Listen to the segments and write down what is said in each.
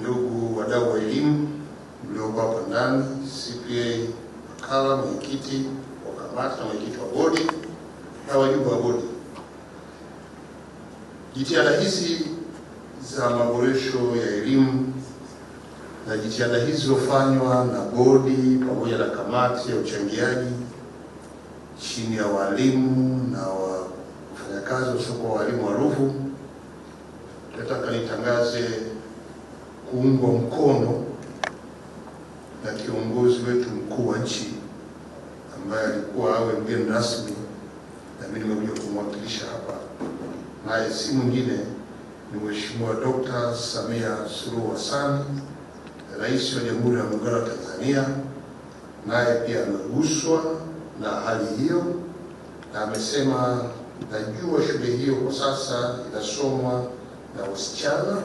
ndugu wadau wa elimu mlioko hapa ndani, CPA wakala, mwenyekiti wa kamati na mwenyekiti wa bodi na wajumbe wa bodi, jitihada hizi za maboresho ya elimu na jitihada hizi zilizofanywa na bodi pamoja na kamati ya uchangiaji chini ya walimu na wafanyakazi wasiokuwa walimu wa Ruvu, nataka nitangaze kuungwa mkono na kiongozi wetu mkuu wa nchi ambaye alikuwa awe mgeni rasmi na mimi nimekuja kumwakilisha hapa, naye si mwingine ni Mheshimiwa Dkt. Samia Suluhu Hassan, Rais wa Jamhuri ya Muungano wa Tanzania, naye pia ameguswa na hali hiyo na amesema najua shule hiyo kwa sasa inasomwa na wasichana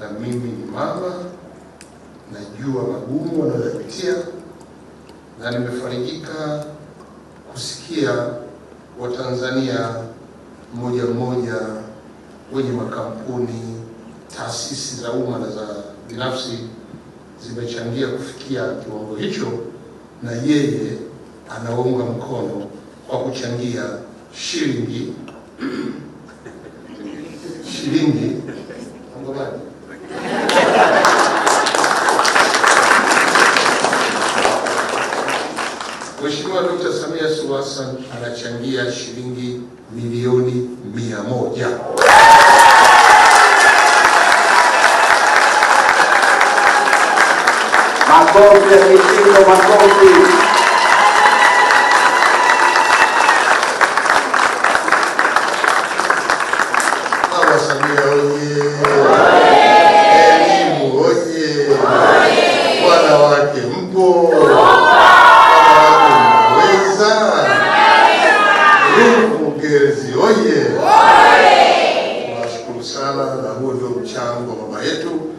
na mimi ni mama, najua magumu wanayopitia, na nimefarijika kusikia Watanzania mmoja mmoja wenye makampuni, taasisi za umma na za binafsi zimechangia kufikia kiwango hicho, na yeye anaunga mkono kwa kuchangia shilingi shilingi Mheshimiwa Dkt. Samia Suluhu Hassan anachangia shilingi milioni mia moja makofi ya kishindo, makofi. Mama Samia oye! Elimu oye! Wanawake mpo! Mapokezi oye! Tunashukuru sana, na huo ndio mchango wa mama yetu.